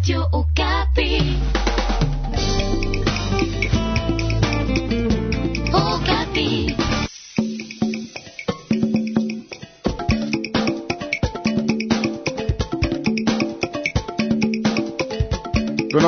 Radio Okapi.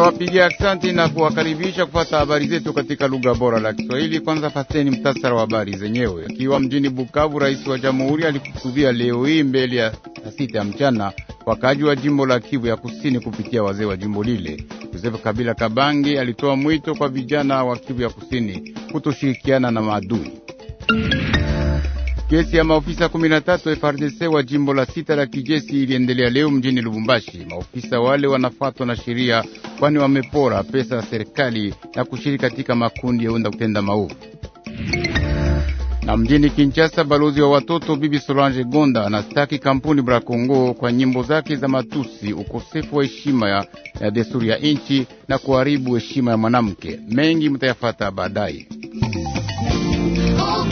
tunawapigia asante na kuwakaribisha kupata habari zetu katika lugha bora la Kiswahili. Kwanza pateni mtasara wa habari zenyewe. Akiwa mjini Bukavu, rais wa jamhuri alikusudia leo hii mbele ya saa sita ya mchana wakaji wa jimbo la Kivu ya kusini kupitia wazee wa jimbo lile. Joseph Kabila kabangi alitoa mwito kwa vijana wa Kivu ya kusini kutoshirikiana na maadui. Kesi ya maofisa 13 frdc wa jimbo la sita la kijeshi iliendelea leo mjini Lubumbashi. Maofisa wale wanafatwa na sheria, kwani wamepora pesa ya serikali na kushiriki katika makundi yaunda kutenda maovu. Na mjini Kinshasa, balozi wa watoto Bibi Solange Gonda anastaki kampuni Brakongo kwa nyimbo zake za matusi, ukosefu wa heshima ya, ya desturi ya nchi na kuharibu heshima ya mwanamke. Mengi mtayafata baadaye. Oh,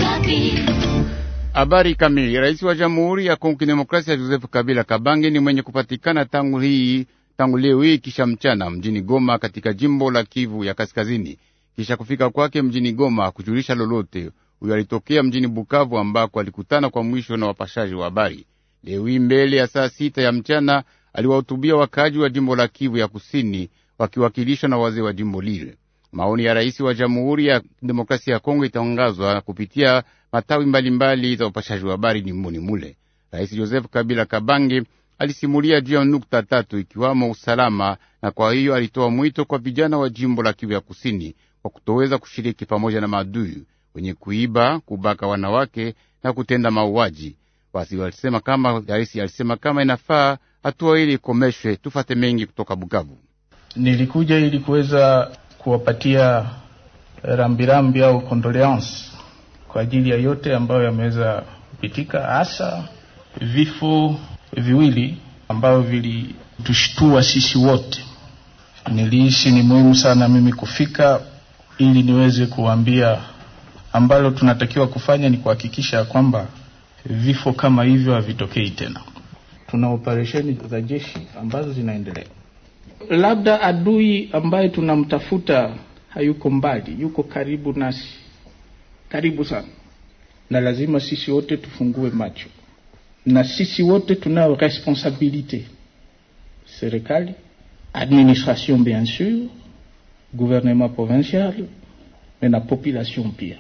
Habari kamili. Rais wa Jamhuri ya Kongo Kidemokrasia Joseph Kabila Kabange ni mwenye kupatikana tangu hii tangu leo hii kisha mchana mjini Goma katika jimbo la Kivu ya Kaskazini. Kisha kufika kwake mjini Goma kujulisha lolote. Huyo alitokea mjini Bukavu ambako alikutana kwa mwisho na wapashaji wa habari. Leo hii mbele ya saa sita ya mchana aliwahutubia wakaji wa jimbo la Kivu ya Kusini wakiwakilishwa na wazee wa jimbo lile. Maoni ya rais wa Jamhuri ya Demokrasia ya Kongo itaangazwa kupitia matawi mbalimbali za upashaji wa habari nimboni mule. Rais Joseph Kabila Kabange alisimulia juu ya nukta tatu ikiwamo usalama, na kwa hiyo alitoa mwito kwa vijana wa jimbo la Kivu ya Kusini kwa kutoweza kushiriki pamoja na maadui wenye kuiba, kubaka wanawake na kutenda mauaji. Basi alisema kama rais alisema kama inafaa hatua ili ikomeshwe. Tufate mengi kutoka Bukavu. Nilikuja ili kuweza kuwapatia rambirambi au condoleance kwa ajili ya yote ambayo yameweza kupitika, hasa vifo viwili ambavyo vilitushtua sisi wote. Niliishi ni muhimu sana mimi kufika ili niweze kuwaambia ambalo tunatakiwa kufanya ni kuhakikisha ya kwamba vifo kama hivyo havitokei tena. Tuna operesheni za jeshi ambazo zinaendelea labda adui ambaye tunamtafuta hayuko mbali, yuko karibu nasi, karibu sana, na lazima sisi wote tufungue macho, na sisi wote tunayo responsabilite, serikali, administration bien sur, gouvernement provincial na population pia.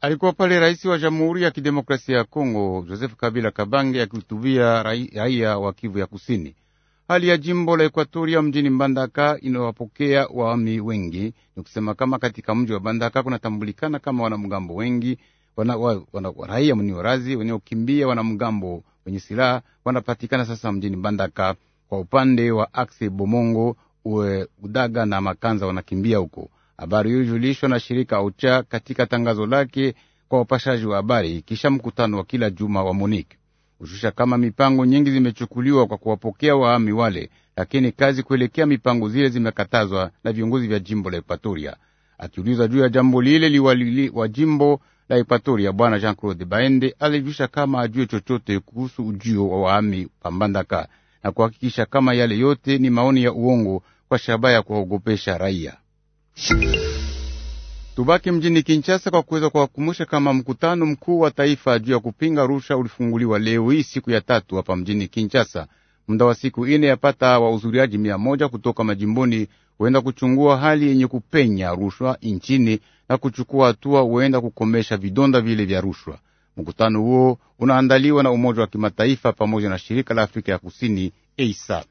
Alikuwa pale rais wa Jamhuri ya Kidemokrasia ya Kongo Joseph Kabila Kabange akihutubia raia wa Kivu ya Kusini. Hali ya jimbo la Ekuatoria mjini Mbandaka inawapokea waami wengi. Ni kusema kama katika mji wa Mbandaka kunatambulikana kama wanamgambo wengi, raia wana, wana, ni warazi wanaokimbia wanamgambo wenye silaha wanapatikana sasa mjini Mbandaka. Kwa upande wa Akse Bomongo, Uwe, Udaga na Makanza wanakimbia huko. Habari hiyo ilijulishwa na shirika Ucha katika tangazo lake kwa wapashaji wa habari kisha mkutano wa kila juma wa Monique kushusha kama mipango nyingi zimechukuliwa kwa kuwapokea waami wale, lakini kazi kuelekea mipango zile zimekatazwa na viongozi vya jimbo la ekwatoria akiuliza juu ya jambo lile, liwali wa jimbo la ekwatoria Bwana Jean Claude Baende alijulisha kama ajue chochote kuhusu ujio wa waami Pambandaka na kuhakikisha kama yale yote ni maoni ya uongo kwa shabaha ya kuwaogopesha raia. Tubaki mjini Kinshasa kwa kuweza kuwakumbusha kama mkutano mkuu wa taifa juu ya kupinga rusha ulifunguliwa leo hii siku ya tatu hapa mjini Kinshasa. Muda wa siku ine yapata wahudhuriaji mia moja kutoka majimboni huenda kuchungua hali yenye kupenya rushwa nchini na kuchukua hatua huenda kukomesha vidonda vile vya rushwa. Mkutano huo unaandaliwa na Umoja wa Kimataifa pamoja na shirika la Afrika ya Kusini, ASAP.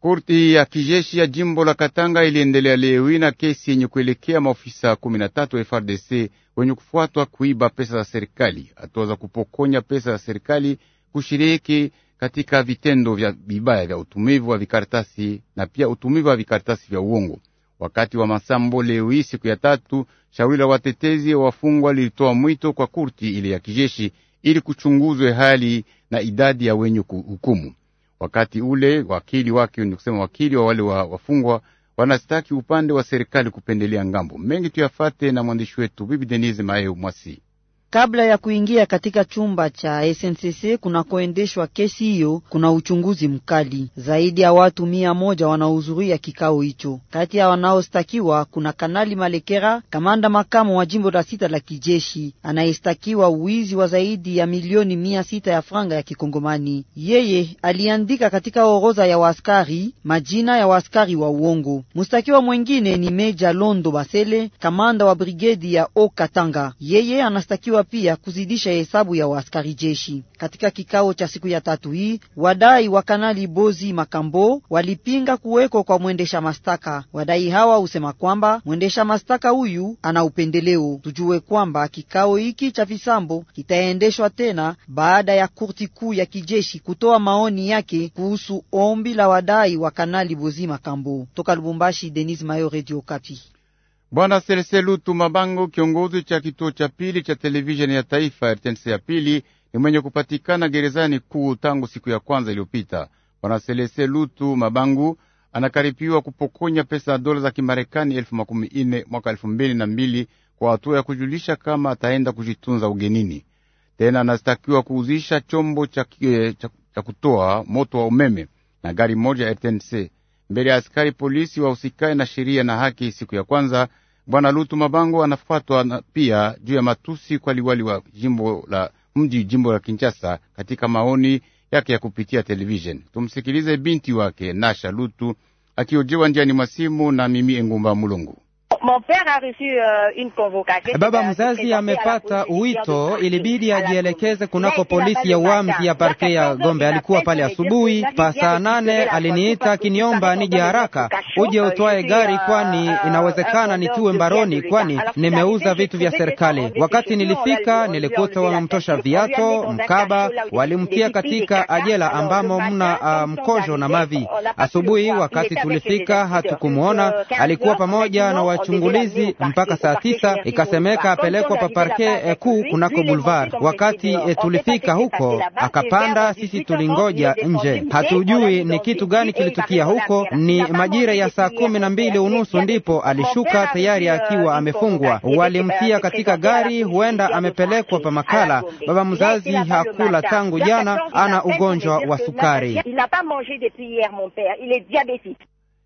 Korti ya kijeshi ya jimbo la Katanga iliendelea leo na kesi yenye kuelekea maofisa 13 wa FRDC wenye kufuatwa kuiba pesa za serikali, hatua za kupokonya pesa za serikali, kushiriki katika vitendo vya vibaya vya utumivu wa vikaratasi na pia utumivu wa vikaratasi vya uongo. Wakati wa masambo leo hii, siku ya tatu, shauri la watetezi wa wafungwa lilitoa mwito kwa korti ile ya kijeshi ili kuchunguzwe hali na idadi ya wenye kuhukumu. Wakati ule wakili wake ni kusema wakili wa wale wa wafungwa wanastaki upande wa serikali kupendelea ngambo mengi. Tuyafate na mwandishi wetu Bibi Denise Maeu Mwasi. Kabla ya kuingia katika chumba cha SNCC kunakoendeshwa kesi hiyo, kuna uchunguzi mkali. Zaidi ya watu mia moja wanaohudhuria kikao hicho. Kati ya wanaostakiwa kuna Kanali Malekera, kamanda makamu wa jimbo la sita la kijeshi, anayestakiwa uwizi wa zaidi ya milioni mia sita ya franga ya Kikongomani. Yeye aliandika katika orodha ya waaskari majina ya waaskari wa uongo. Mstakiwa mwengine ni Meja Londo Basele, kamanda wa brigedi ya Okatanga. Yeye anastakiwa inapaswa pia kuzidisha hesabu ya waaskari jeshi. Katika kikao cha siku ya tatu hii, wadai wa Kanali Bozi Makambo walipinga kuweko kwa mwendesha mashtaka. Wadai hawa husema kwamba mwendesha mashtaka huyu ana upendeleo. Tujue kwamba kikao hiki cha visambo kitaendeshwa tena baada ya kurti kuu ya kijeshi kutoa maoni yake kuhusu ombi la wadai wa Kanali Bozi Makambo. Toka Lubumbashi, Denis Mayo, Radio Kapi. Bwana lutu Mabango, kiongozi cha kituo cha pili cha televisheni ya taifa RTNC ya pili, ni mwenye kupatikana gerezani kuu tangu siku ya kwanza iliyopita. Bwana lutu Mabangu anakaripiwa kupokonya pesa ya dola za Kimarekani elfu makumi ine mwaka elfu mbili na mbili kwa hatua ya kujulisha kama ataenda kujitunza ugenini. Tena anastakiwa kuuzisha chombo cha, eh, cha, cha kutoa moto wa umeme na gari moja ya RTNC mbele ya askari polisi wahusikae na sheria na haki. Siku ya kwanza bwana Lutu Mabango anafuatwa pia juu ya matusi kwa liwali wa jimbo la mji jimbo la Kinshasa katika maoni yake ya kupitia televisheni. Tumsikilize binti wake Nasha Lutu akiojewa njiani mwa simu na Mimi Engumba Mulungu mon père a reçu uh, une convocation. Baba mzazi amepata wito, ilibidi ajielekeze kunako polisi ya Uamzi ya parke ya Gombe. Alikuwa pale asubuhi pa saa nane, aliniita akiniomba nije haraka uje utwae uh, gari, kwani uh, inawezekana nituwe mbaroni, kwani nimeuza vitu vya serikali. Wakati nilifika, nilikuta wamemtosha viato, mkaba, walimtia katika ajela ambamo mna uh, mkojo na mavi. Asubuhi wakati tulifika, hatukumwona, alikuwa pamoja na wachu uchungulizi mpaka saa tisa, ikasemeka apelekwa pa parke eh, kuu kunako Boulevard. Wakati eh, tulifika huko akapanda, sisi tulingoja nje, hatujui ni kitu gani kilitukia huko. Ni majira ya saa kumi na mbili unusu ndipo alishuka, tayari akiwa amefungwa. Walimtia katika gari, huenda amepelekwa pa Makala. Baba mzazi hakula tangu jana, ana ugonjwa wa sukari.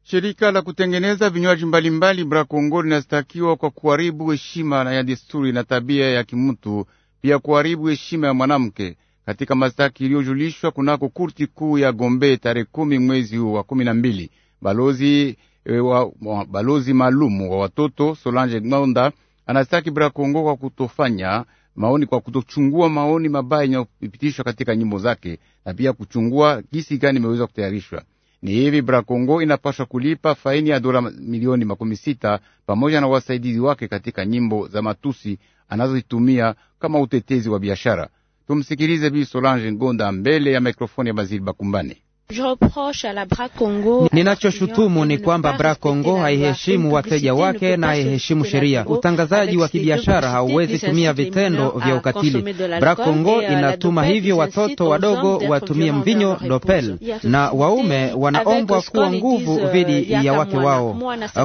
Shirika la kutengeneza vinywaji mbalimbali Brakongo linastakiwa kwa kuharibu heshima ya desturi na tabia ya kimtu, pia kuharibu heshima ya mwanamke katika mastaki iliyojulishwa kunako kurti kuu ya Gombe tarehe kumi mwezi wa kumi na mbili. Balozi, e, wa, wa, balozi maalumu wa watoto Solange Ngonda anastaki Brakongo kwa kutofanya maoni kwa kutochungua maoni mabaya yanayopitishwa katika nyimbo zake na pia kuchungua gisi gani imeweza kutayarishwa. Ni hivi Brakongo inapaswa kulipa faini ya dola milioni makumi sita pamoja na wasaidizi wake katika nyimbo za matusi anazoitumia kama utetezi wa biashara. Tumsikilize Bi Solange Ngonda mbele ya mikrofoni ya baziri bakumbani Ninachoshutumu ni kwamba Bra Congo haiheshimu wateja wake na haiheshimu sheria. Utangazaji wa kibiashara hauwezi tumia vitendo vya ukatili. Bra Congo inatuma hivyo watoto wadogo watumie mvinyo dopel, na waume wanaombwa kuwa nguvu euh, dhidi ya wake wao.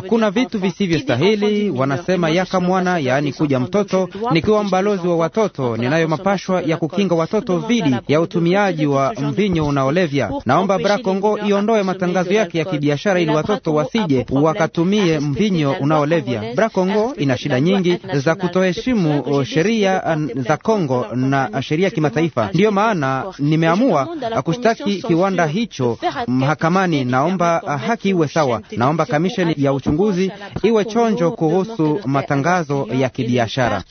Kuna vitu visivyostahili, wanasema yaka mwana, yaani kuja mtoto. Nikiwa mbalozi wa watoto, ninayo mapashwa ya kukinga watoto dhidi ya utumiaji wa mvinyo unaolevya. Naomba tunaomba Brakongo iondoe matangazo yake ya kibiashara ili watoto wasije wakatumie mvinyo unaolevya. Brakongo ina shida nyingi za kutoheshimu eh, sheria za Kongo na sheria ya kimataifa. Ndiyo maana nimeamua kushtaki kiwanda hicho mahakamani. Naomba haki iwe sawa. Naomba kamisheni ya uchunguzi iwe chonjo kuhusu matangazo ya kibiashara.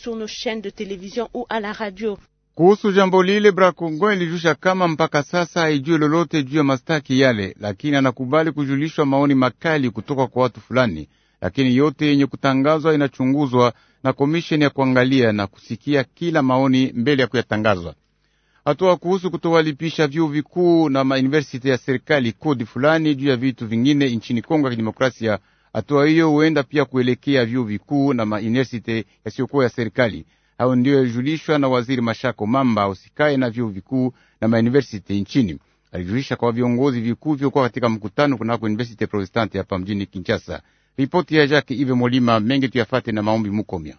Kuhusu jambo lile, Brakongo ilijusha kama mpaka sasa haijue lolote juu ya mastaki yale, lakini anakubali kujulishwa maoni makali kutoka kwa watu fulani. Lakini yote yenye kutangazwa inachunguzwa na komisheni ya kuangalia na kusikia kila maoni mbele ya kuyatangazwa. Hatua kuhusu kutowalipisha vyuo vikuu na mauniversiti ya serikali kodi fulani juu ya vitu vingine nchini Kongo ya Kidemokrasia. Hatua hiyo huenda pia kuelekea vyuo vikuu na mauniversiti yasiyokuwa ya serikali au ndiyo yajulishwa na waziri Mashako Mamba usikae na vyuo vikuu na mauniversity nchini. Alijulisha kwa viongozi vikuu vyokuwa katika mkutano kunako University Protestante hapa mjini Kinshasa. Ripoti ya Jacques Ive Molima mengi tuyafate na maombi Mukomya.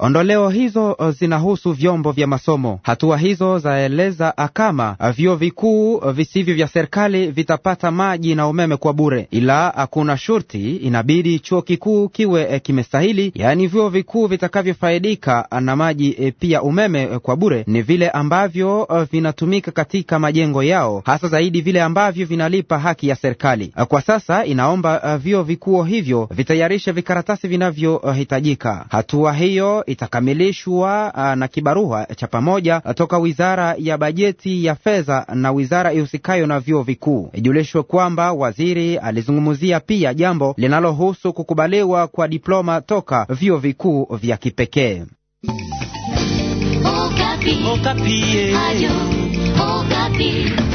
Ondoleo hizo uh, zinahusu vyombo vya masomo. Hatua hizo zaeleza uh, kama uh, vyuo vikuu visivyo vya serikali vitapata maji na umeme kwa bure, ila hakuna shurti, inabidi chuo kikuu kiwe kimestahili. Yaani vyuo vikuu vitakavyofaidika na maji pia umeme kwa bure ni vile ambavyo vinatumika katika majengo yao, hasa zaidi vile ambavyo vinalipa haki ya serikali. Kwa sasa inaomba vyuo vikuu hivyo vitayarishe vikaratasi vinavyohitajika. Hatua hiyo itakamilishwa ah, na kibarua cha pamoja toka wizara ya bajeti ya fedha na wizara ihusikayo na vyuo vikuu. Ijulishwe kwamba waziri alizungumzia pia jambo linalohusu kukubaliwa kwa diploma toka vyuo vikuu vya kipekee. Okapi. Okapi.